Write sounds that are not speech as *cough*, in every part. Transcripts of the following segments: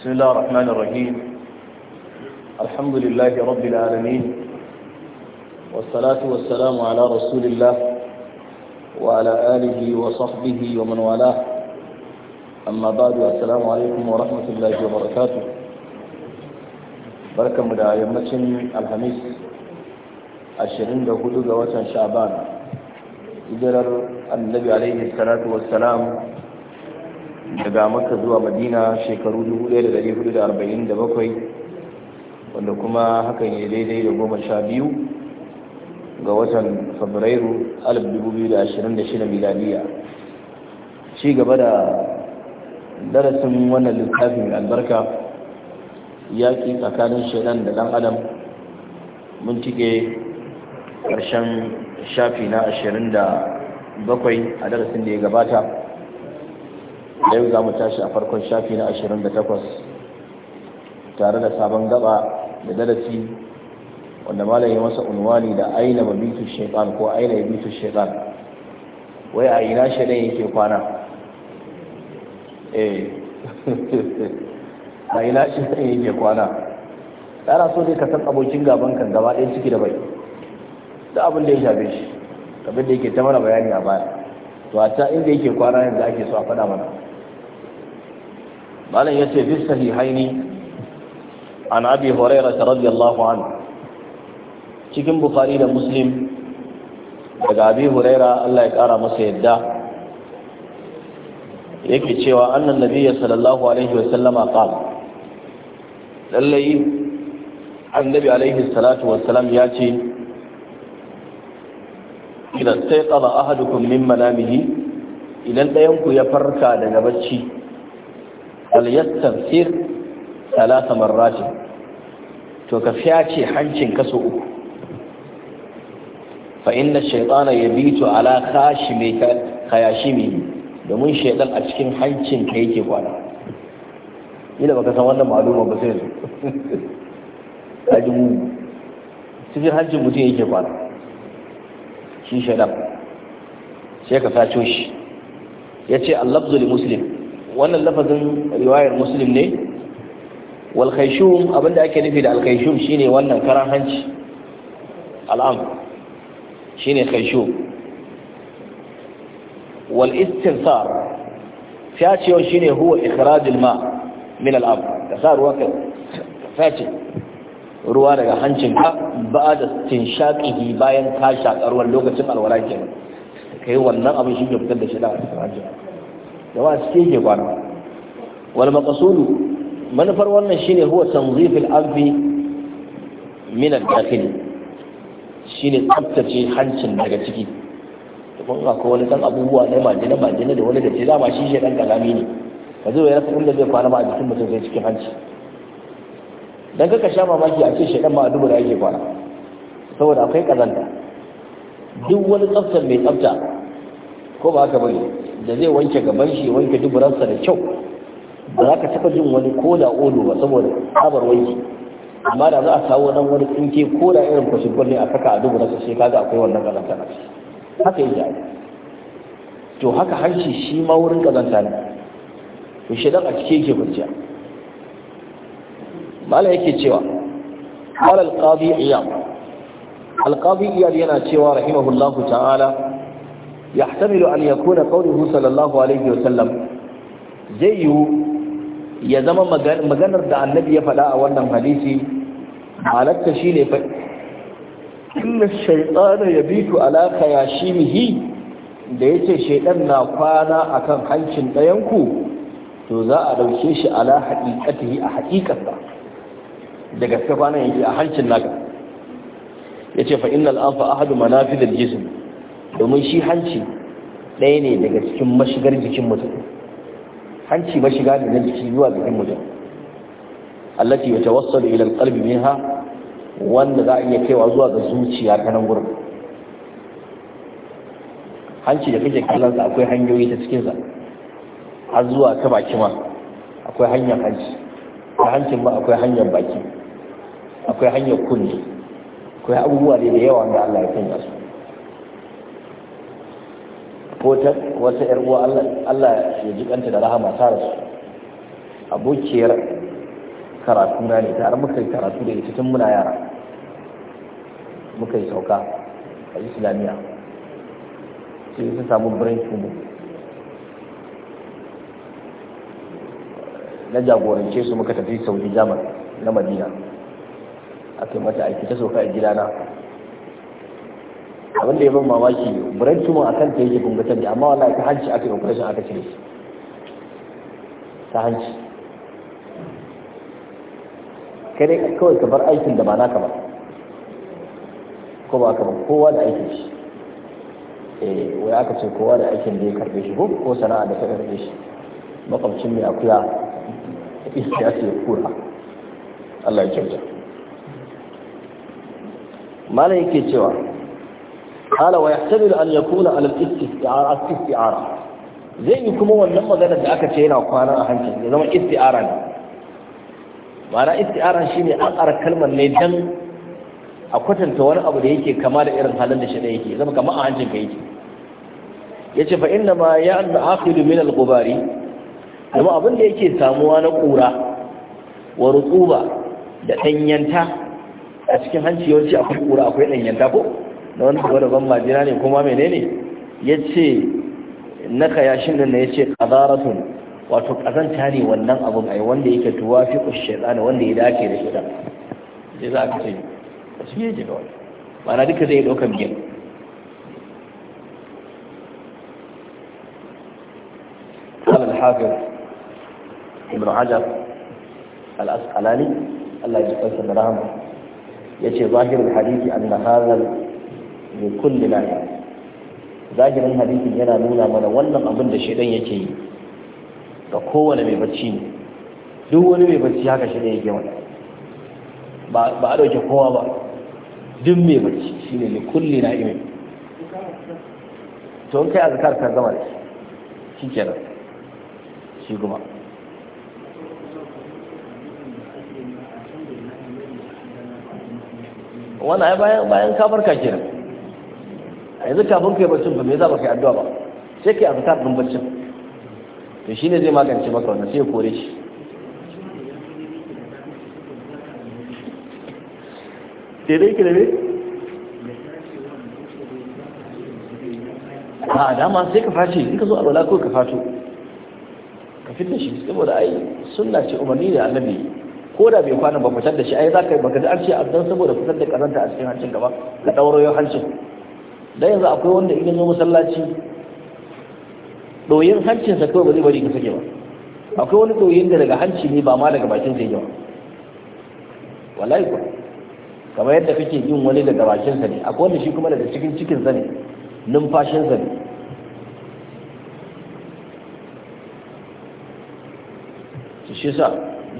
بسم الله الرحمن الرحيم الحمد لله رب العالمين والصلاة والسلام على رسول الله وعلى آله وصحبه ومن والاه أما بعد السلام عليكم ورحمة الله وبركاته بركة مدعا يمتن الحميس الشرين دهود وطن شعبان إجرر النبي عليه الصلاة والسلام daga makka zuwa madina shekaru 1447 wanda kuma hakan ya daidai da goma sha biyu ga watan fabrairu 2026 miladiya ci gaba da darasin wannan littafin albarka yaƙi tsakanin shaidan da ɗan adam mun cike ƙarshen shafi na 27 a darasin da ya gabata da yau za mu tashi a farkon shafi na 28 tare da sabon gaba da darasi wanda malam ya masa unwani da aina bitu shaitan ko aina ya bitu shaitan wai a ina shi shaitan yake kwana eh *laughs* a ina shi shaitan yake kwana tsara so dai ka san abokin gaban kan gaba ɗaya ciki da bai da abin da ya shafe shi abin da yake ta mana bayani a baya to a ta inda yake kwana yanzu ake so a faɗa mana malam ya ce bisa hihaini an abi horaira ta radiyallahu an cikin bukari da muslim daga abi horaira allah ya kara masa yadda yake cewa annan nabiya sallallahu alaihi wasallama qala lallai annabi alaihi salatu wasallam ya ce idan sai qala ahadukum min manamihi idan ɗayanku ya farka daga bacci falyastafsir salasa marrati to ka fyace hancin ka so uku fa inna shaytana yabitu ala khashimi khayashimi domin shaytan a cikin hancin ka yake kwana ila baka san wannan maluma ba sai *laughs* aji mu cikin hancin mutum yake kwana shi shaytan sai ka saco shi yace al-lafzu muslim wannan lafazin riwayar muslim ne wal abinda ake nufi da al shine wannan karan hanci al'am shine khayshum wal istinsar fiyacewa shine huwa ikhrajul ma min al'am ka sa ruwa ka fiyace ruwa daga hancin ka ba da tinshaqihi bayan ka shakar lokacin alwala Ka yi wannan abin shi ke fitar da shi da hancin jama'a cike ke kwana wal maqsudu manufar wannan shine huwa tanzifil al anfi min al dakhil shine tsaftace hancin daga ciki kun ga ko wani dan abubuwa ne majina majina da wani da ce dama shi shi dan kalami ne ka zo ya rasa da zai fara ma a jikin mutum zai cikin hanci dan kaka sha mamaki a ce shedan ma a dubura yake kwana saboda akwai kazanta duk wani tsaftar mai tsafta ko ba haka bane da zai wanke gaban shi wanke duburansa da kyau ba za ka taɓa jin wani ko da odo ba saboda tsabar wanki amma da za a kawo nan wani tsinke ko da irin kwashigon ne a saka a duburansa sai ga akwai wannan kazanta na haka yi jari to haka harshe shi ma wurin kazanta ne to shi dan a cike yake kwanciya mala yake cewa qala al-qadi iyad al-qadi iyad yana cewa rahimahullahu ta'ala yahtamilu an yakuna qawluhu sallallahu alaihi wasallam zai yiwu ya zama maganar da annabi ya faɗa a wannan hadisi halatta shine fa inna shaytana yabitu ala khayashimihi da yace shaytan na kwana akan hancin ɗayanku, to za a ɗauke shi ala haqiqatihi a haqiqarsa da gaske kwana yake a hancin naka yace fa innal anfa ahadu manafidil jism domin shi hanci ɗaya ne daga cikin mashigar jikin mutum hanci mashiga ne na jiki zuwa jikin mutum allati yatawassalu ƙalbi alqalbi ha wanda za a iya kaiwa zuwa ga zuciya ta nan gurin hanci da kake kallon sa akwai hanyoyi ta cikinsa, har zuwa ta baki ma akwai hanyar hanci ta hancin ma akwai hanyar baki akwai hanyar kunne akwai abubuwa ne da yawa da Allah ya sanya su ko ta wata yar uwa Allah ya ji kanta da rahama ta rasu abokiyar karatu na ne tare muka yi karatu da ita tun muna yara muka yi sauka a islamiyya sai ta samu brain tumor na jagorance su muka tafi saudi jamus na madina a kai mata aiki ta sauka a gidana abin da ya ban mamaki brain tumor a kanta yake gungatar da amma wallahi ta hanci aka yi operation aka cire shi ta hanci kare kawai ka bar aikin da ba ka ba ko ba ka ba kowa da aikin shi eh wai aka ce kowa da aikin da ya karbe shi ko sana'a da ta karbe shi makwabcin mai akuya ya ce kura Allah ya kyauta malam yake cewa qala wa yahtamilu an yakuna ala al-isti'ara isti'ara zai yi kuma wannan magana da aka ce yana kwana a hancin ya zama isti'ara ne ma'ana isti'ara shine an ƙara kalmar ne dan a kwatanta wani abu da yake kama da irin halin da shi da yake zama kama a hancin ka yake yace fa inna ma ya'na akhidu min al-ghubari amma abin da yake samuwa na kura wa rutuba da danyanta a cikin hanci yawanci akwai kura akwai danyanta ko na wani gaba da ban majina ne kuma menene ya ce na kayashin nan ya ce wato kazanta ne wannan abin ai wanda yake tuwa fi ƙushe wanda ya dace da shaitan sai za ka ce a cikin yake da wani ma'ana duka zai ɗaukar biyar قال الحافظ ابن حجر الأسقلاني الله يجزاه الرحمة يجي ظاهر الحديث أن هذا ne kulli lahi zahirin hadisin yana nuna mana wannan abin da shaidan yake yi ga kowane mai bacci ne duk wani mai bacci haka shaidan yake mana ba ba a dauke kowa ba duk mai bacci shine ne kulli na'imin to in kai a zakar kan da shi nan shi kuma wannan ai bayan bayan ka farka kenan yanzu kafin kai barcin ba me za ba kai addu'a ba sai kai azkar din barcin to shine zai magance maka wannan sai ya kore shi daidai ki da me a dama sai ka fashe in ka zo alwala ko ka fato ka fitar shi saboda ai sunna ce umarni da annabi ko da bai kwana ba fitar da shi ai za ka yi baka da an ce abdan saboda fitar da karanta a cikin hancin gaba ka ɗauro yau hancin da yanzu akwai wanda idan zo masallaci doyin hancinsa kawai ba zai bari ka sake ba akwai wani doyin da daga hanci ne ba ma daga bakin sai ba wallahi ko kamar yadda kake yin wani daga bakin sa ne akwai wanda shi kuma daga cikin cikin sa ne numfashin sa ne shi yasa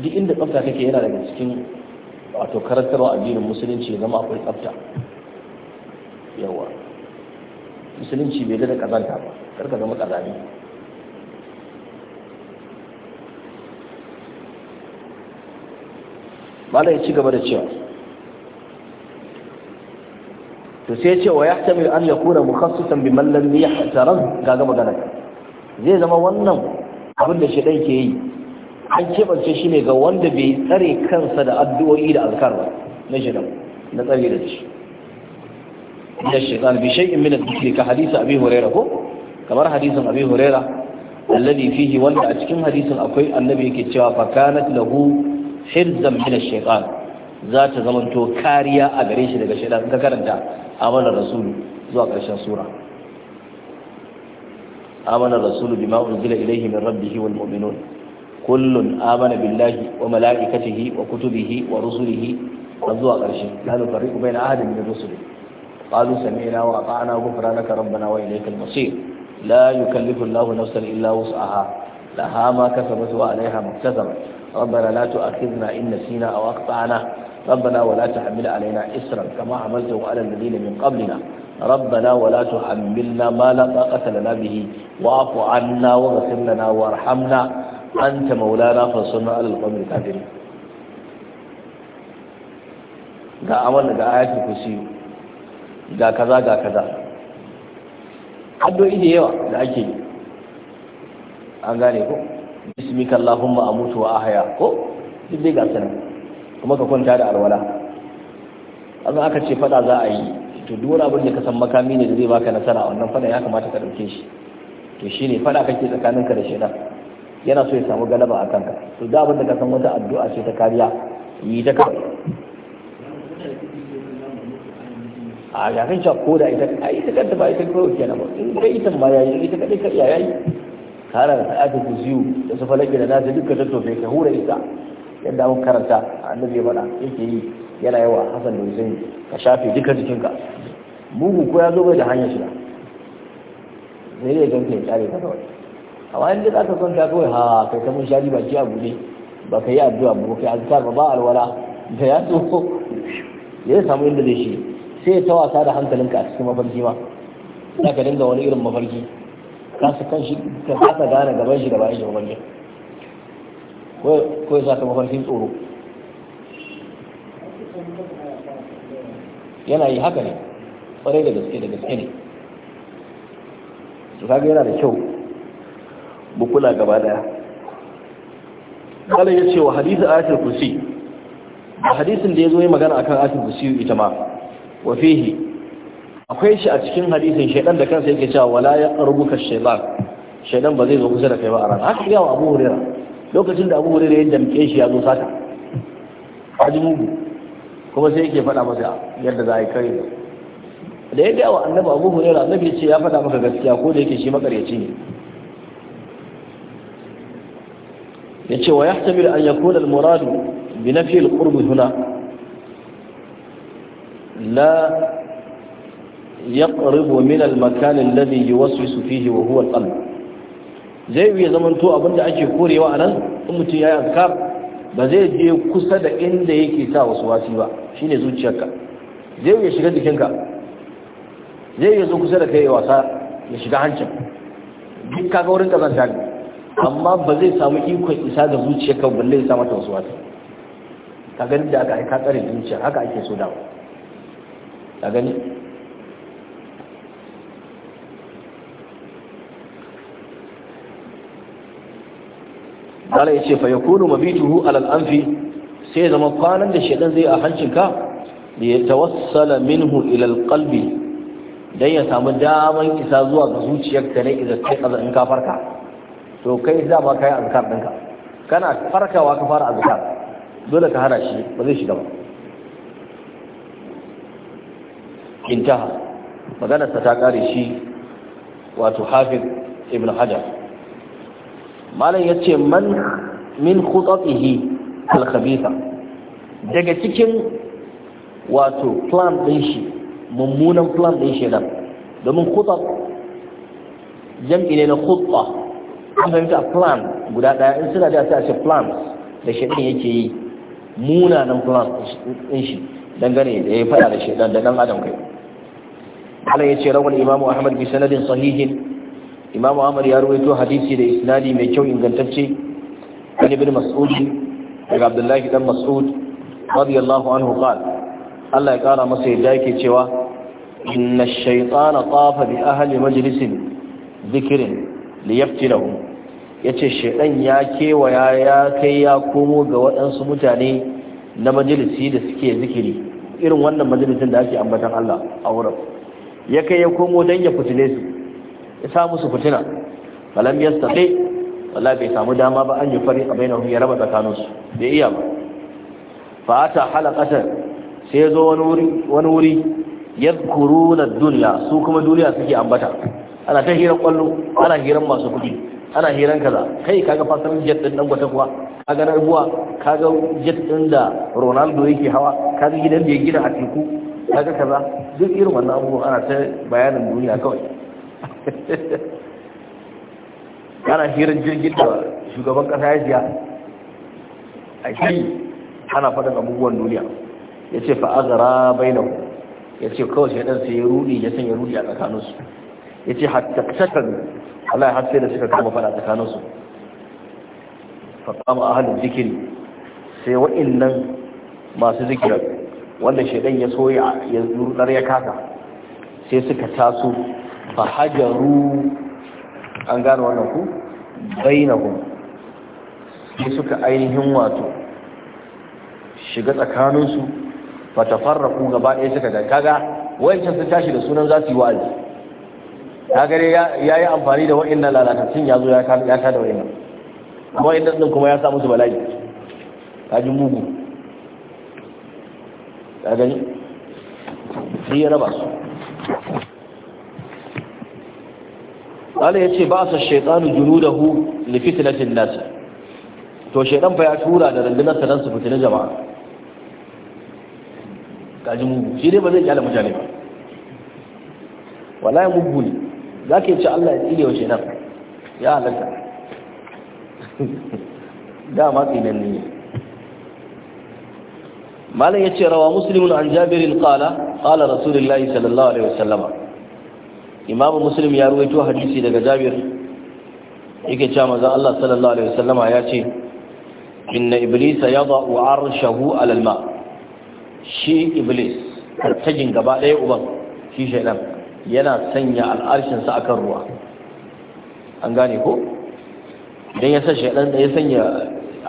duk inda tsafta kake yana daga cikin wato karantarwa addinin musulunci zama akwai tsafta yawa musulunci bai da kazanta ba karka zama kazani malam ya ci gaba da cewa to sai ce wa ya yahtami an ya kura mukhassisan bi man lam yahtaraz ga magana zai zama wannan abin da shedan ke yi an kebance shi ne ga wanda bai tsare kansa da addu'o'i da azkar ba na shedan na tsare da shi من الشيطان بشيء من الذكر كحديث أبي هريرة كما حديث أبي هريرة الذي فيه ولد أتكم حديث أقوي النبي كتوا فكانت له حرزا من الشيطان ذات زمن تو كاريا أغريش لك الشيطان ككرنت آمن الرسول زوا قرشان سورة آمن الرسول بما أنزل إليه من ربه والمؤمنون كل آمن بالله وملائكته وكتبه ورسله وزوا قرشان لا نفرق بين أحد من الرسل قالوا سمعنا وأطعنا غفرانك ربنا وإليك المصير لا يكلف الله نفسا إلا وسعها لها ما كسبت وعليها ما اكتسبت ربنا لا تؤاخذنا إن نسينا أو أخطأنا ربنا ولا تحمل علينا إسرا كما حملته على الذين من قبلنا ربنا ولا تحملنا ما لا طاقة لنا به واعف عنا واغفر لنا وارحمنا أنت مولانا فانصرنا على القوم الكافرين ga amal da ayatul kursi ga kaza ga kaza addu'o'i da yawa da ake yi an gane ko bismika allahumma amutu wa ahya ko duk dai ga sanin kuma ka kwanta da alwala azan aka ce fada za a yi to duk wani abin da ka san makami ne da zai baka nasara wannan fada ya kamata ka dauke shi to shine fada kake ka da shaitan yana so ya samu galaba a kanka to da abin da ka san wata addu'a ce ta kariya yi ta kawai a yakan cewa ko da ita a ita kanta ba ita kawai kenan ba in kai ita ma yayi ita kai ka yayi kana da ayatu kuziyu da su falaki da nasu duka ta tofe ka hura ita yadda an karanta annabi ya faɗa yake yi yana yawa hasan da husaini ka shafe duka jikinka bugu ko ya zo bai da hanyar shiga zai ne ganka ya tsare ka kawai amma in da zaka son ka kawai ha kai ta mun shari baki a bude ba ka yi addu'a ba kai azkar ba ba alwala da ya so ya samu inda zai shi sai ta wasa da hankalinka a cikin mafarki ma za ka dinga wani irin mafarki ka su kan shi ka kasa gane gaban shi da bayan shi mafarki ko ya sa mafarkin tsoro yana yi haka ne kwarai da gaske da gaske ne su kaga yana da kyau bukula gaba daya kala ya ce wa hadisi ayatul kursi a hadisin da ya zo yi magana akan ayatul kursi ita ma wa fihi akwai shi a cikin hadisin shaidan da kansa yake cewa wala ya rubuka shaitan shaidan ba zai zo kusa da kai ba a ran haka yawa abu hurera lokacin da abu hurera ya damke shi ya zo saka haji mugu kuma sai yake faɗa masa yadda za a yi kare da ya gaya wa annabi abu hurera annabi ce ya faɗa maka gaskiya ko da yake shi makaryaci ne ya ce wa yahtamil an yakuna al-muradu bi nafi al-qurb huna لا يقرب من المكان الذي يوسوس فيه وهو القلب zai yi zamanto abinda ake korewa a nan in mutum ya yanka ba zai je kusa da inda yake sa wasu wasi ba shi ne zuciyarka zai yi shiga jikinka zai yi zo kusa da kai wasa ya shiga hancin duk kaga wurin kazanta ne amma ba zai samu ikon isa ga zuciyarka balle ya sa mata wasu wasi ka gani da aka aika tsare zuciya haka ake so dawo a gani Allah ya ce fa yakunu mabituhu alal anfi sai zama kwanan da shedan zai a hancinka da ya tawassala minhu ila alqalbi ya samu daman isa zuwa ga zuciyarka ne idan kai kaza in ka farka to kai za ma kai azkar ɗinka. kana farkawa ka fara azkar dole ka hana shi ba zai shiga ba intaha maganarsa ta kare shi wato hafiz ibn hajar malam ya ce man min khutatihi al-khabitha daga cikin wato plan ɗin shi mummunan plan ɗin shi nan domin khutat jam'i ne na khutta an fahimta plan guda ɗaya, in suna da sai a ce plans da shaɗin yake yi munanan plans ɗin shi dangane da ya faɗa da shaidan da ɗan adam kai malam yace rawal imamu ahmad bi sanadin sahihin imamu ahmad ya ruwaito hadisi da isnadi mai kyau ingantacce an ibn mas'ud daga abdullahi dan mas'ud radiyallahu anhu qala Allah ya kara masa yadda yake cewa inna ash-shaytana tafa bi ahli majlisin dhikrin liyaftinahum yace shedan ya kewaya ya kai ya komo ga waɗansu mutane na majalisi da suke zikiri irin wannan majalisin da ake ambatan Allah a wurin ya kai ya komo don ya fitile su ya samu su fitina falam ya staɗe wala bai samu dama ba an yi fari a bai ya raba tsakaninsu da iya ba Fa fata halakatar sai zo wani wuri ya kuru na duniya su kuma duniya suke ambata ana ta hira kwallo ana hiran masu kuɗi ana hiran kaza kai kaga fasar jet ɗin dangwata kuwa kaga na kaga jet ɗin da ronaldo yake hawa kaga gidan da ya gina a teku kaga kaza duk irin wannan abubuwan ana ta bayanin duniya kawai ana hirin jirgin da shugaban kasa ya siya a shi ana faɗin abubuwan duniya ya ce fa'azara na ya ce kawai sai ɗansa ya rudi ya sanya rudi a tsakaninsu ya ce hattakshakan Allah ya sai da suka kama faɗa tsakaninsu faɗa ma ahalin zikiri sai wa'in nan masu zikirar wanda shaidan ya so ya zurar ya kasa sai suka taso fa hajaru an gano wannan ku bainahum sai suka ainihin wato shiga tsakaninsu ba ta ku gaba ɗaya suka ga kaga wancan sun tashi da sunan za su yi wa'azi ta gare ya yi amfani da wa'innan lalatacin ya zo ya kada wa'innan kuma wa'innan ɗin kuma ya sa musu bala'i ta ji mugu ka gani shi ya raba su Allah ya ce ba su juru da hu da fitnatin nasa to shaitan fa ya tura da rundunar sa su fitina jama'a kaji mugu shi dai ba zai kyala mutane ba Wala ya mugu ne Za yi ci Allah ya tsire wa shaitan ya halatta *laughs* dama tsinan ne malam yace rawa muslimun an jabirin qala qala rasulullahi sallallahu alaihi wasallama imam muslim ya ruwaito hadisi daga jabir yake cewa manzo Allah sallallahu alaihi wasallama ya ce inna iblis yada'u arshahu ala alma shi iblis tajin gaba daya uban shi shaydan yana sanya al'arshin sa akan ruwa an gane ko idan ya sa shaydan da ya sanya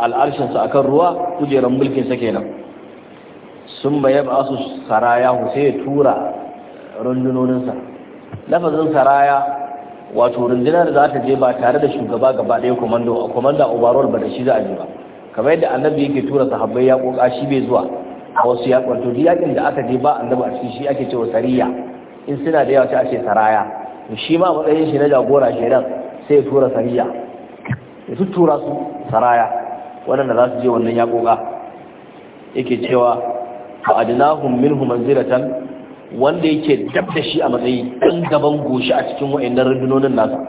al'arshin sa akan ruwa kujeran mulkin sa kenan sun ba su saraya sai ya tura rundunoninsa lafazin saraya wato rundunar za ta je ba tare da shugaba gaba ɗaya komando a komanda overall ba da shi za a ji ba kamar yadda annabi yake tura sahabbai ya koka shi bai zuwa a wasu ya kwanto duk yakin da aka je ba annabi a cikin shi ake cewa sariya in suna da yawa sai a ce saraya shi ma matsayin shi na jagora kenan sai ya tura sariya ya tuttura su saraya waɗanda za su je wannan ya koka yake cewa fa adnahum minhum manzilatan wanda yake dab da shi a matsayi dan gaban goshi a cikin wayannan rundunonin nasa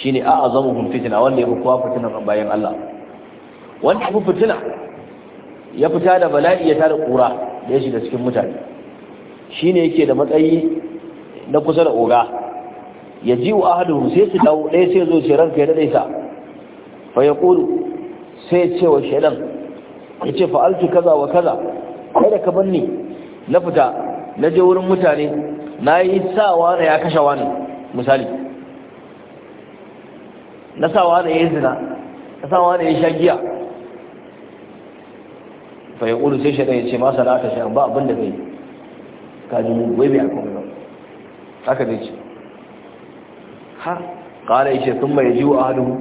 shine a azamuhum fitna wanda yafi kowa fitna bayan Allah wanda yafi fitna ya fita da bala'i ya tare kura da yashi da cikin mutane shine yake da matsayi na kusa da oga ya ji wa ahadu sai su dawo ɗaya sai zo ce ranka ya daɗe sa fa ya ƙuru sai ce wa shaidan ya ce fa'altu kaza wa kaza kai da ka bar ni na fita na je wurin mutane na yi sawa da ya kashe wani misali na sawa da ya yi zina na sawa da ya sha giya fai ƙudu sai shaɗa ya ce masa na aka shan ba abin da zai kaji mu wai bai akwai ba haka zai ce ha ƙara ya ce sun mai jiwa a hannu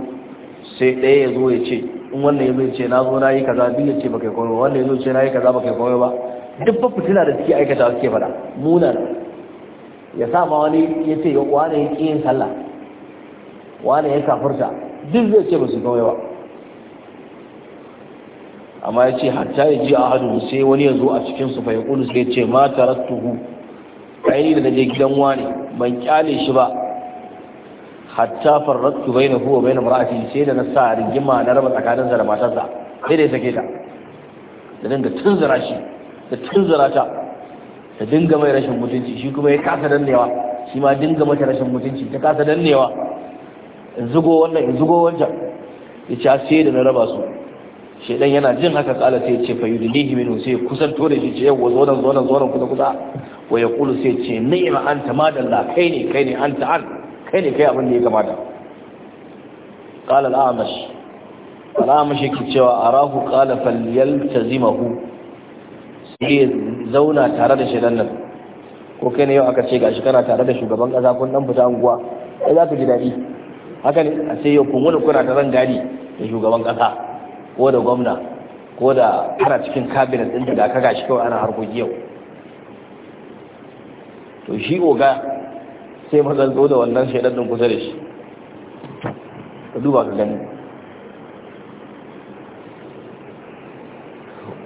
sai ɗaya ya zo ya ce in wannan ya bai ce na zo na yi kaza duk ya ce baka koyo ba wannan ya zo ce na yi kaza baka koyo ba duk ba fitila da suke aikata suke fada munar ya sa ma wani ya ce ya wani ya yin sallah wani ya kafurta duk zai ce ba su koyo ba amma ya ce hatta ya ji ahadu sai wani ya zo a cikin su fa ya sai ya ce ma tarattuhu ainihin da je gidan wani ban kyale shi ba hatta farrattu bainahu wa bain imra'ati sai da na sa rigima na raba tsakaninsa da matarsa sai da ya sake ta da dinga tunzura shi da tunzura ta da dinga mai rashin mutunci shi kuma ya kasa dannewa shi ma dinga mata rashin mutunci ta kasa dannewa in zugo wannan in zugo wancan ya ce sai da na raba su shedan yana jin haka kala sai ya ce fa yudilihi minhu sai kusan da shi ce wazo nan zo nan zo nan kusa kusa wa yaqulu sai ya ce ni'ma anta madalla kai ne kai ne anta an kai ne kai abin da ya kamata qala al-amash al-amash yake cewa arahu qala su yi zauna tare da shi nan ko kai ne yau aka ce gashi kana tare da shugaban ƙasa kun nan fita anguwa sai za ka ji daɗi. haka ne a ce yau kun wani kuna ta zan gari da shugaban ƙasa, ko da gwamna ko da kana cikin kabinet ɗin da ka gashi kawai ana harkoki yau to shi oga sai mazanto da wannan shaidan din kusa da shi ka duba ka gani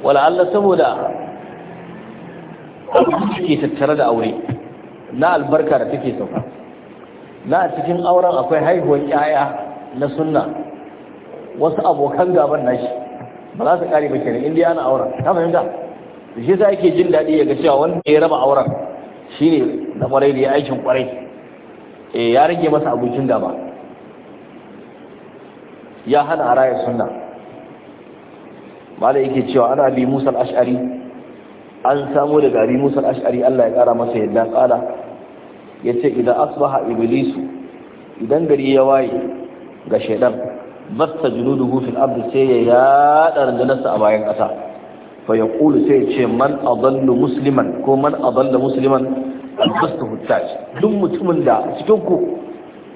wala Allah saboda ke tattare da aure na albarka da take sauka na cikin auren akwai haihuwar yaya na sunna wasu abokan gaban nashi ba za su kare ba kenan indiya na auren ta fahimta da shi sa yake jin daɗi ya ga cewa wanda ya raba auren Shi ne na kwarai da ya aikin kwarai eh ya rage masa abincin gaba ya hana a rayar sunna malai yake cewa ana bi musal ash'ari an samu daga bi musal ash'ari Allah ya kara masa yadda kala yace idan asbaha iblisu idan gari ya waye ga shaidan basta junudu fil Abdu sai ya yada rundunar a bayan kasa fa yaqulu sai ce man adallu musliman ko man adallu musliman albastu huttaj duk mutumin da cikin ku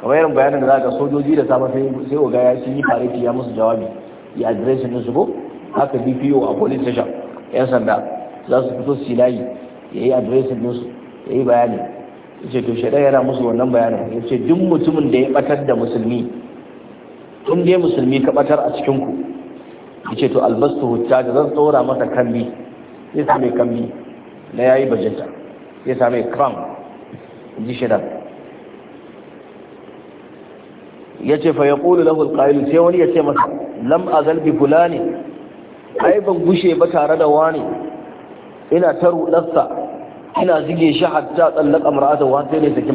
kamar irin bayanin da zaka sojoji da safe sai sai ga ya sun yi fareti ya musu jawabi ya adireshin din su ko haka BPO a police station yan sanda za su fito su layi yayi adireshin din su yayi bayani yace to shaidan yana musu wannan bayanin yace duk mutumin da ya batar da musulmi tun dai musulmi ka batar a cikin ku yace to albastu hujja zan tsora masa kambi sai sai mai kambi na yayi bajeta يسامي كرام دي يجي فيقول له القائل سيوني يجي مسا لم أزل بفلاني أي أيضا قشي بسا ردواني إنا ترو لفتا إنا زيجي شحد جات أن لك أمرأة وانتين يسكي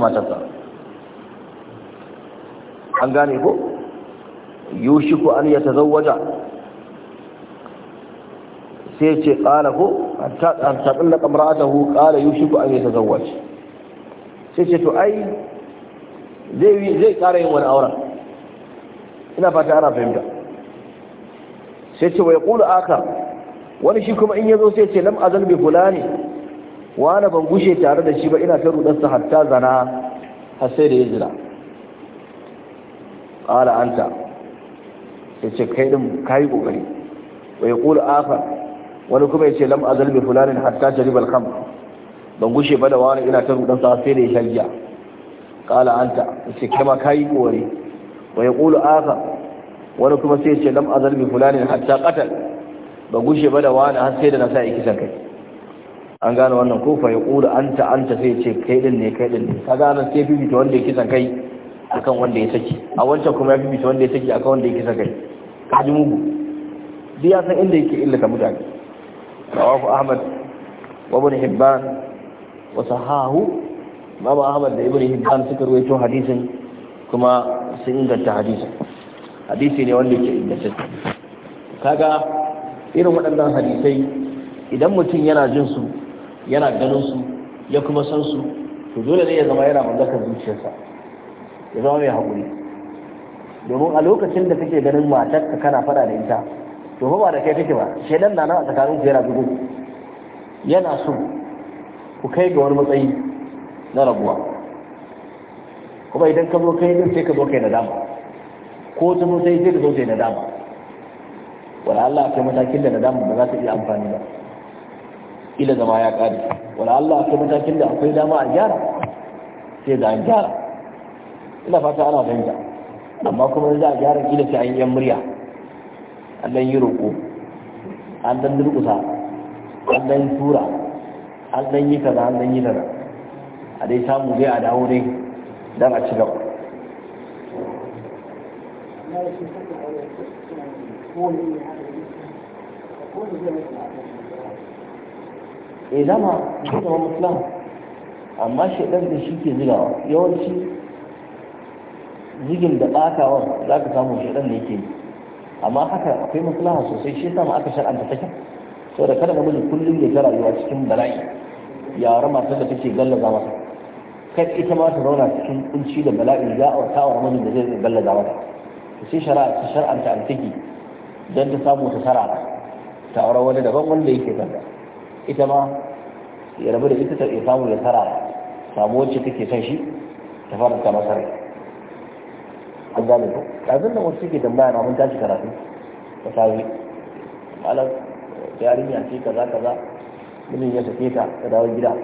أن يوشك أن يتزوج sai ce ƙala ko an taɓin da ƙamra ta hu ƙala shi ku an yi ta zawace sai ce to ai zai ƙara yin wani auren ina fata ana fahimta sai ce wa ya ƙulu aka wani shi kuma in ya zo sai ce lam azal bi fulani wani ban gushe tare da shi ba ina ta rudarsa hatta zana har sai da ya zina ƙala anta sai ce kai ɗin kayi ƙoƙari wa ya ƙulu aka wani kuma ya ce lam azal fulani fulanin hatta sharib al ban gushe ba da wani ina ta rudan sa sai da ya Kala an ta, ce kama yi kore. wa kulu aka wani kuma sai ya ce lam azal fulani fulanin hatta qatal ban gushe ba da wani har sai da na sa kisan kai an gane wannan ko fa ta, an ta sai ya ce kai din ne kai din ne Ka gane sai bibi to wanda ya kisan kai akan wanda ya saki a wancan kuma ya bibi wanda ya saki akan wanda ya kisan kai Ka ji mugu duk ya san inda yake illata mutane rawahu ahmad wa ibn hibban wa sahahu babu ahmad da ibn hibban suka ruwaito hadisin kuma sun inganta hadisin ne wanda ke inganta kaga irin waɗannan hadisai idan mutum yana jin su yana ganin su ya kuma san su to dole ne ya zama yana mallakar zuciyarsa ya zama mai haƙuri domin a lokacin da kake ganin matarka kana fada da ita to ba da kai take ba shi na nan a tsakanin ku yana bugu yana so ku kai ga wani matsayi na rabuwa kuma idan ka zo kai din sai ka zo kai nadama ko ta zo sai sai ka zo kai nadama wala Allah akwai matakin da nadama ba za ta iya amfani ba ila zama ya kare wala Allah akwai matakin da akwai dama a gyara sai da an gyara ina fata ana fahimta amma kuma za a gyara kila sai an yi murya an dan yi roƙo an dan durƙusa an dan tura an dan yi kaza an dan yi kaza a dai samu zai a dawo dai don a ci gaba e zama da wani mutum amma shaidar da shi ke zigawa yawanci zigin da ɓatawa za ka samu shaidar da yake yi amma haka akwai maslaha sosai shi yasa ma aka shar'anta take saboda kada bari kullum ya ta rayuwa cikin bala'i ya rama ta da take gallaza masa kai ita ma ta zauna cikin kunci da bala'i za a wata wa namijin da zai gallaza mata to sai shari'a ta shar'anta antiki dan ta samu ta sarara ta aure wani daban wanda yake kanta ita ma ya rabu da ita ta samu ya sarara samu wacce take son shi ta faranta ta rai an gane ko ɗazin da wasu suke tambaya na mun tashi karatu ta sauri malam yarinya ce kaza kaza mun ya tafi ta ta dawo gida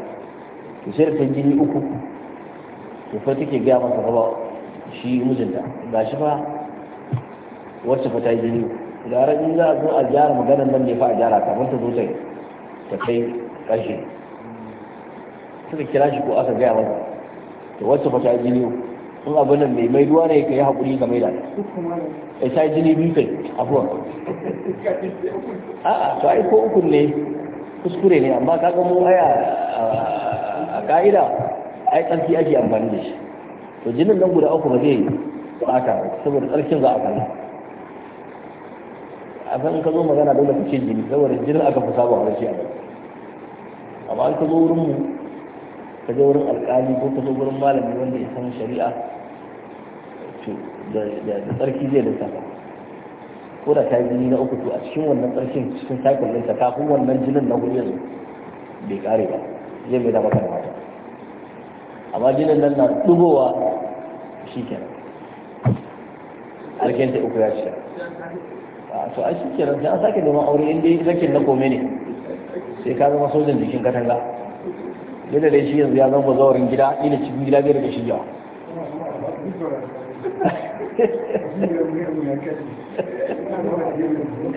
ki sai ta jini uku ki fa take gaya masa gaba shi mijinta ga shi fa wacce fa ta yi jini da in za a zo a gyara maganar nan ne fa a gyara mun ta zo sai ta kai kashi. suka kira shi ko aka gaya masa to wacce fa ta yi jini uku in abin nan mai maiduwa ne ka yi haƙuri ga maida ya sa jini biyu kai abuwa a'a to ai ko uku ne kuskure ne amma ka mu aya a ka'ida ai tsarki ake amfani da shi to jinin nan guda uku ba zai bata saboda tsarkin za a kalla a kan ka zo magana dole ka ce jini saboda jinin aka fi saba harshe shi a amma an ka zo wurin mu ka zo wurin alƙali ko ka zo wurin malami wanda ya san shari'a to da tsarki zai lissafa ko da ta jini na uku to a cikin wannan tsarkin cikin cycle ɗinsa kafin wannan jinin na hudu yanzu bai kare ba zai mai da maka da mata amma jinin nan na dubowa shi kenan alkin ta uku ya ce to a shi kenan sai an sake neman aure inda zakin na kome ne sai ka zama sojan jikin katanga yadda dai shi yanzu ya zama zaurin gida ina cikin gida bai da shi yawa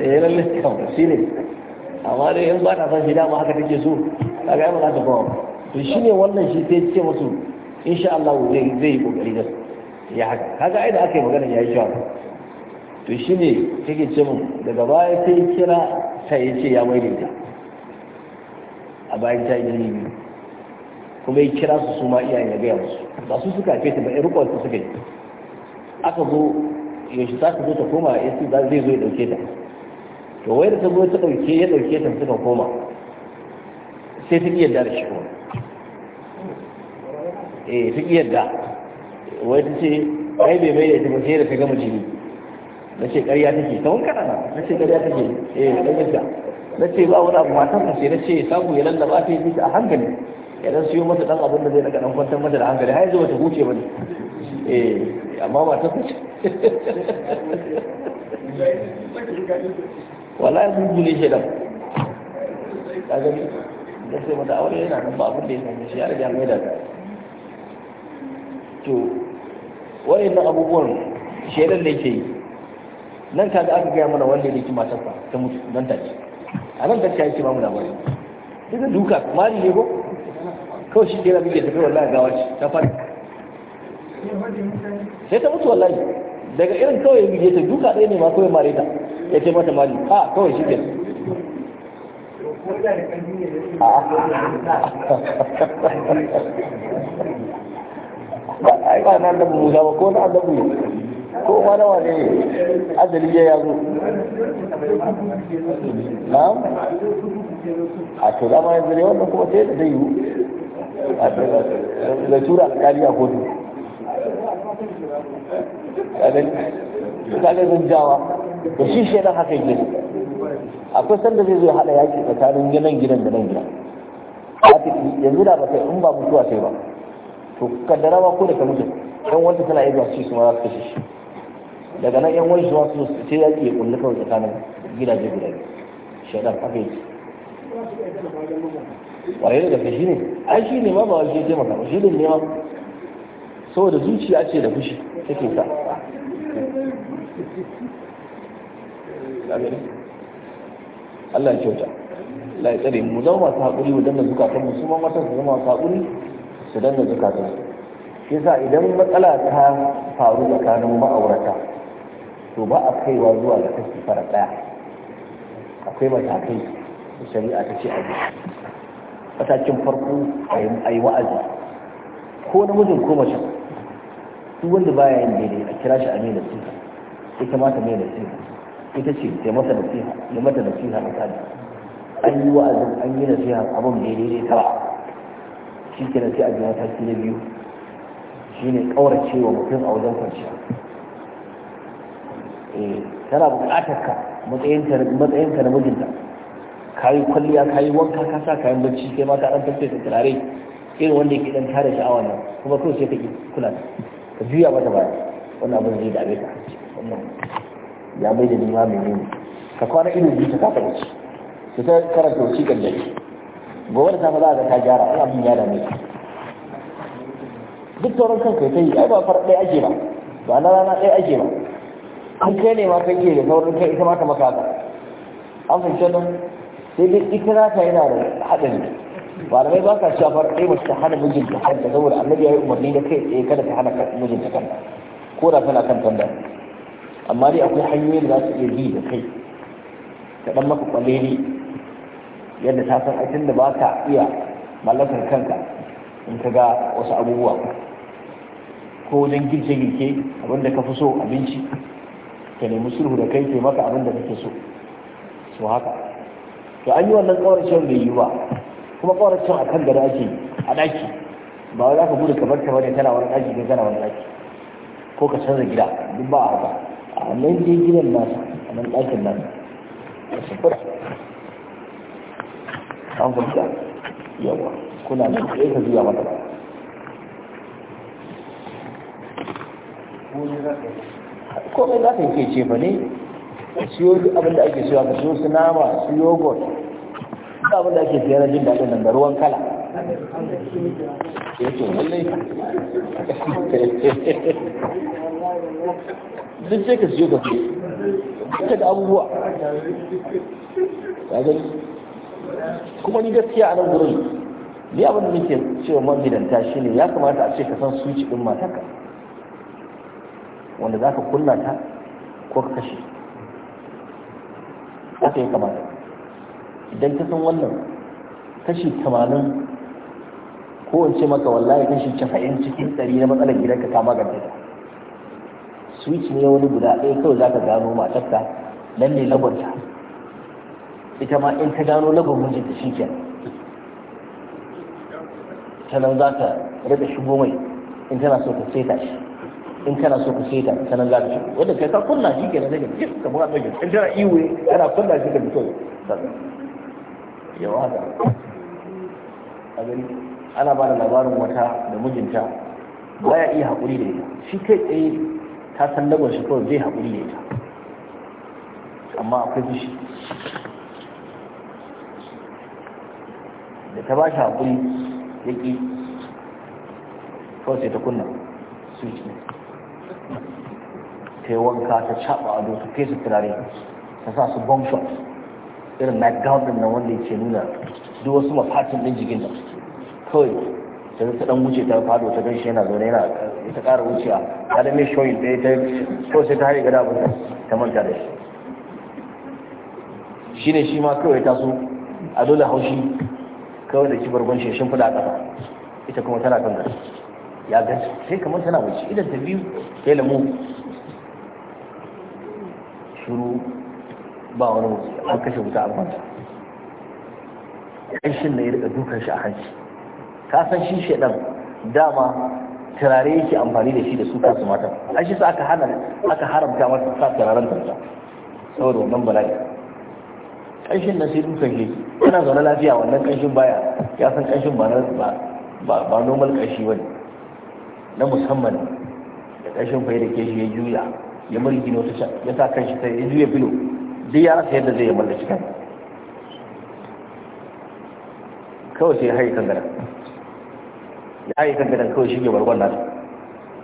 eh lalle kan shine amma dai in ba ta san shi dama haka take so kaga ai ba za ta ba to shine wannan shi sai ce musu insha Allah zai zai yi kokari da ya haka kaga ai da aka yi magana yayi shawa to shine take ce mu daga baya sai kira sai ya ce ya waidaita a bayan ta yi biyu kuma ya kira su su ma iyayen ya gaya musu ba su suka haife ta ba irin rukon su suka yi aka zo yaushe za ka zo ta koma ya ce zai zo ya ɗauke ta to wai da ta zo ta ɗauke ya ɗauke ta suka koma sai ta iya da shi kuma eh ta iya wai ta ce ai bai mai da ita sai da ta gama jini na ce ƙarya take ta wani kanana na ce ƙarya take eh ɗan yadda na ce ba wani abu matan ka sai na ce samu ya lallaba ta yi a hankali ya dan siyo mata dan abin da zai daga dan kwantar mata da hankali har yanzu ta huce ba ne eh amma ba ta kuce wala ya gugule ne shaidan ta gani da sai mata aure yana nan ba abin da ya sami shi ya riga mai da to yana abubuwan shaidan da yake yi nan ga aka gaya mana wanda yake matar fa ta mutu nan ce a nan gaskiya yake ba mu da wani duka mari ne ko kawai shi ke na bige tafi wallahi gawa ce ta fara sai ta mutu wallahi daga irin kawai ya ta duka ɗaya ne ma kawai mare ta ya ce mata mali ha kawai shi ke ai ba nan da musa ba ko na annabi ko ma nawa ne azali ya yazo na'am a to ma yanzu ne wannan kuma sai da zai yi a da tura alƙali a kotu kaga zanjawa da shi haka nan haka yake akwai sanda zai zo hada yaki tsakanin gidan gidan da nan gidan yanzu da ba sai in ba mutuwa sai ba to kaddara ba ko da ka mutu yan wanda tana iya ci su ma za su kashe shi daga nan yan wani su su ce yaki ya kulli kawai tsakanin gidaje guda biyu shaidan haka yake yi da gaske shi ne ai shi ne ma ba wai shi ya taimaka ba shi ne ma saboda zuciya ce da fushi take sa Allah ya kyauta Allah ya tsare mu zama masu haƙuri mu danna zukatan mu su ma mata su zama masu haƙuri su danna zukatan su yasa idan matsala ta faru tsakanin ma'aurata to ba a kaiwa zuwa ga kashi fara ɗaya akwai matakai da shari'a ta ce a bi matakin farko a yi wa'azi ko namijin ko mace duk wanda baya yin daidai a kira shi a mai da sai ita ma ta mai da sifa ita ce ta mata da ya mata da sifa na kadi an yi wa'azin an yi nasiha abin daidai ne ta shi ke nasi a ta ke na biyu shi ne ƙaurace wa mutum a wajen kwanciya eh, tana buƙatar ka matsayinka na mijinta ka yi kwalliya ka yi wanka ka sa kayan bacci sai ma ka ɗan tafiya ta turare irin wanda ke ɗan tare sha'awa nan kuma kawai sai ka ki kula da ka juya mata baya Wani abin zai dame ka ya bai da nima mai nuna ka kwana ido biyu ta kafa da shi su ta karanta wasu kan jari gobe da ta za a ga ta gyara wani abin ya dame ka duk tauran kanka ya ta yi ai ba fara ɗaya ake ba ba na rana ɗaya ake ba an kai ne ma kan iya da saurin kai ita ma ta maka haka an fahimci nan sai dai ita za ta yana da haɗari malamai ba ka cewa farɗe mace ta hana mijinta kanta saboda annabi ya yi umarni da kai tsaye kada ta hana mijinta kanta ko da tana kan tanda amma dai akwai hanyoyin da za su iya bi da kai ta ɗan maka kwaleli yadda ta san aikin da ba ka iya mallakar kanka in ka ga wasu abubuwa ko wajen girke-girke abinda ka fi so abinci ka nemi sulhu da kai taimaka abin da kake so so haka to an yi wannan kawar shan bai yi ba kuma ƙorafin a kan gada ake a ɗaki ba wai za ka gudu kamar ta bane tana wani ɗaki ne tana wani ɗaki ko ka canza gida duk ba a ba a nan dai gidan nasa a nan ɗakin nasa ka shimfiɗa an fahimta yawa kuna nan ɗaya ka zuwa mata ba komai za ka yi ke ce ba ne siyo duk abin da ake siyo ka siyo su nama su yogurt abin da ake siya jin daɗin nan da ruwan kala eh duk sai ka siyo ka fi duka da abubuwa ya gani kuma ni gaskiya a nan gurin ni abin da nake cewa shi ne ya kamata a ce ka san suci ɗin matarka wanda za ka kunna ta ko ka kashe haka ya kamata idan ka san wannan kashi tamanin ko maka wallahi kashi cafa'in cikin ɗari na matsalar gidanka ka magance da switch ne wani guda ɗaya kawai za ka gano matarka nan ne lagonta ita ma in ka gano lagon mijinta shi kenan sanan za ka rika shigo mai in tana so ka seta shi in kana so ka seta sanan za ka shigo wanda kai ka kunna shi kenan daga cikin kamar a ɗauke in tana iwe kana kunna shi ka fito yawa ana ba da labarin wata da mijinta baya iya haƙuri da ita shi kai tsaye ta san lagos shi kawai zai haƙuri da ita amma akwai fushi da ta ba shi haƙuri ya ƙi kawai sai ta kunna su suci ta yi wanka ta caɓa ado ta fesa turare ta sa su bomb shots irin na din nan wanda yake nuna duk wasu mafatin din jikin nan kawai ta ta dan wuce ta fado ta ganshi yana zaune yana ta ƙara wucewa ta da mai shoyin ɗaya ta ko sai ta hari gada abin ta manta da shi shine shi ma kawai taso a dole haushi kawai da kibar gwanshe shin fada a ƙasa ita kuma tana kan gari. ya ga sai kamar tana wuce idan ta biyu sai lamu shuru ba wani wuce an kashe wuta a kwanta ƙanshin da ya rika dukan shi a hanci ka san shi shaidan dama turare yake amfani da shi da su mata an shi sa aka hana aka haramta masa sa turaren kanta saboda wannan bala'i ƙanshin nan sai dukan shi yana zaune lafiya wannan ƙanshin baya ya san ƙanshin ba ba ba normal ƙanshi bane na musamman da ƙanshin fa da ke shi ya juya ya wata can, ya sa kanshi sai ya juya filo duk ya rasa yadda zai yi mallaci kai. kawai sai haye kan gadan ya haye kan gadan kawai ne bargon nasu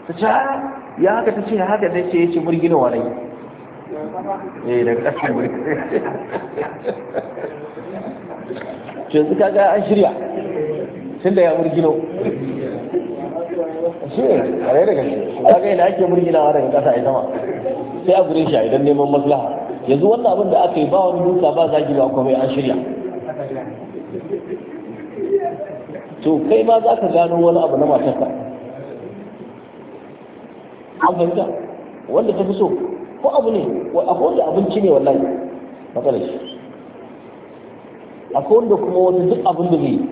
ta ce ya haka ta ce haka da ce ya ce murgina wa rai eh daga ƙasar ce su kaga an shirya tun da ya murgino shi ne a rai daga shi kaga yana ake murginawa daga ƙasa ya sama sai a gure shi a idan neman maslaha yanzu wannan abin da aka yi ba wani duka ba zagi ba kuma an shirya to kai ma za ka gano wani abu na matarka an fahimta wanda ta fi so ko abu ne akwai wanda abinci ne wallahi matsalar shi akwai wanda kuma wata duk abin da zai yi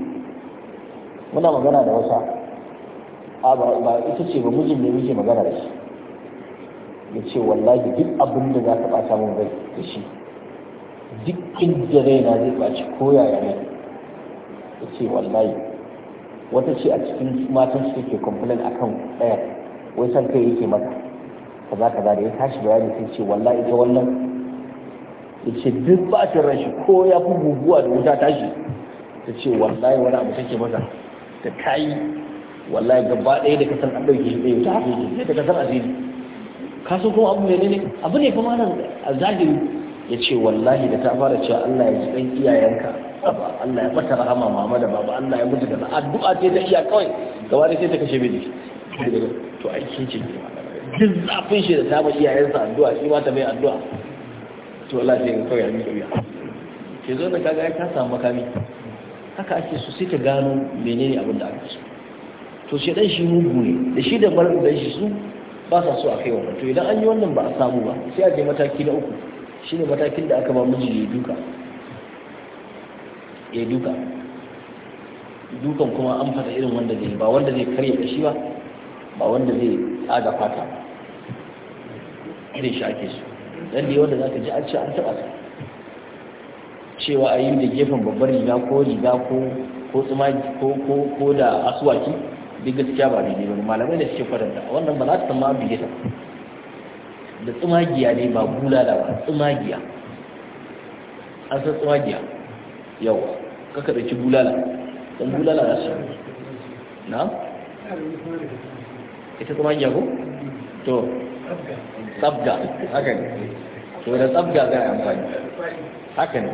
muna magana da wasa a ba ita ce ba mijin ne muke magana da shi ya ce wallahi duk abin da za ka ɓata min rai da shi duk inda raina zai ɓaci koya ya mai ya ce wallahi wata ce a cikin matan su ke a akan ɗaya wai san kai yake mata kaza kaza da ya tashi bayani sai ce wallahi ita wannan ya ce duk a ran shi ko ya fi guguwa da wuta tashi ta ce wallahi wani abu take mata ta kayi wallahi gaba ɗaya da kasar an ɗauke shi ɗaya ta hafi da kasar ta ka san kuma abu ne? abu ne kuma nan a zahiri ya ce wallahi da ta fara cewa Allah ya ji ɗan iyayenka Allah ya mata rahama mama da baba Allah ya mutu da addu'a ce ta iya kawai gaba da sai ta kashe bidi to ai kin ce duk zafin shi da ta ba iyayensa addu'a shi ma ta mai addu'a to Allah sai ka kawai mi ya ke zo da kaga ka samu makami haka ake so sai ka gano menene abin da aka so to dan shi mugu ne da shi da barin da shi su ba sa so a kai wa mutu idan an yi wannan ba a samu ba sai a je mataki na uku shine matakin da aka ba miji ya duka ya duka dukan kuma an fata irin wanda zai ba wanda zai karya kashi ba ba wanda zai tsaga fata irin shi ake so dan da wanda zaka ji an ce an taba cewa a yi da gefen babbar riga ko riga ko ko tsumaki ko ko ko da asuwaki duk gaskiya ba daidai ba malamai da suke kwatanta wannan ba za su sama abin gita da tsumagiya ne ba bulala ba tsumagiya an san tsumagiya yau kaka ɗauki bulala don bulala na shi na? ita tsumagiya ko? to tsabga haka ne to da tsabga za a amfani haka ne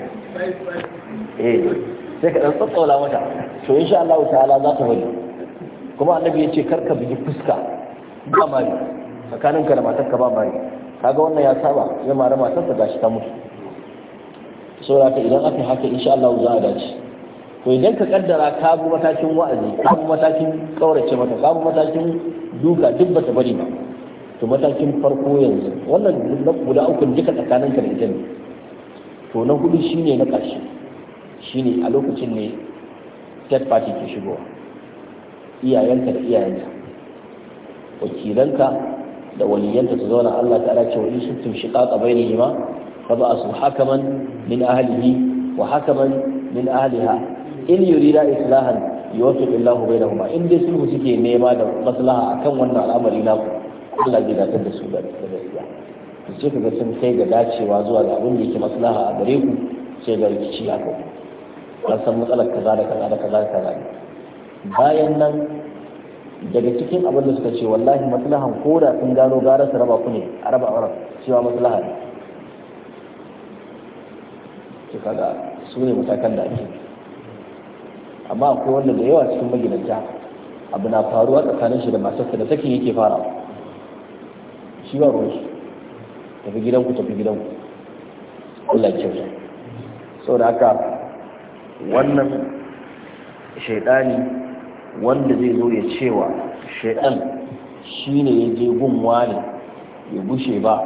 eh sai ka ɗan tsakkaula mata to insha Allah ta'ala za ta wani kuma annabi ya ce karka bugi fuska ba mari tsakaninka da matarka ba mari kaga wannan ya saba ya mara matarsa gashi ta mutu saboda idan aka haka insha Allah za a dace to idan ka kaddara ka bu matakin wa'azi ka bu matakin kaurace mata ka bu matakin duka duk bata bari ba to matakin farko yanzu wannan guda uku duka tsakaninka da ita ne to na hudu shine na ƙarshe shine a lokacin ne third party ke shigowa iyayenka da iyayenka wakilanka da waliyanta su zauna Allah ta ce wani su tun shiƙaƙa bai ma fa ba su hakaman min ahlihi wa hakaman min ahliha in yurida islahan yuwaffiq Allahu bainahuma in dai sulhu suke nema da maslaha akan wannan al'amari na Allah zai dakatar da su da gaskiya to sai kaga sun kai ga dacewa zuwa ga abin da yake maslaha a gare ku sai ga rikici haka an san matsalar kaza da kaza da kaza da kaza bayan nan daga cikin abin da suka ce wallahi maslahan ko da sun gano gara su raba ku ne a raba a cewa maslaha ne to kaga su ne matakan da ake amma akwai wanda da yawa cikin magidanta abu na faruwa tsakanin shi da masu da sakin yake fara shi ba ruwan shi tafi gidanku tafi gidanku Allah kyauta da haka wannan shaidani wanda zai zo ya cewa shaidan shi ne ya je gunwa ne ya gushe ba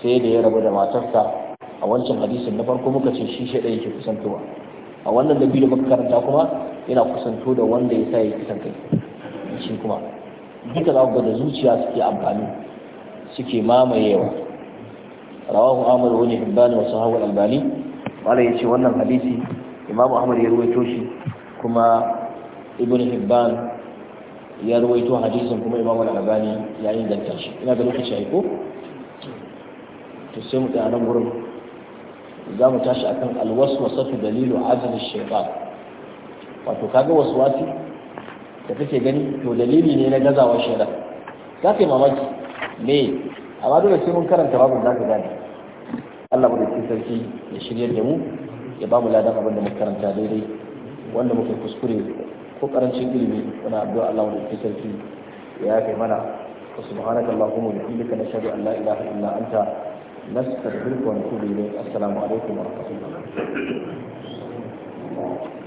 sai da ya rabu da matarsa a wancan hadisin na farko muka ce shi shaidan yake kusantowa a wannan da biyu da muka karanta kuma yana kusanto da wanda ya sa ya kusan kai shi kuma duka za ku da zuciya suke amfani suke mamayewa rawahu amur wani hibbani wasu wa albani al ya ya ce wannan hadisi imam ahmad ya ruwaito shi kuma ibn hibban ya ruwaito hadisin kuma imam al-albani ya inganta shi ina da lokaci ai ko to sai mu tsaya nan gurin za mu tashi akan fi dalilu azli shaytan wato kaga waswasi da kake gani to dalili ne na gazawar shaytan za ka yi mamaki me amma dole sai mun karanta babu za ka gane Allah mu da sarki ya shirya da mu ya ba mu ladan abin da muka karanta daidai wanda muka kuskure ko karancin ilimi muna addu'a Allah da ke sarki ya yafe mana subhanaka allahumma wa bihamdika nashhadu an la ilaha illa anta nastaghfiruka wa natubu ilayk assalamu alaikum wa rahmatullahi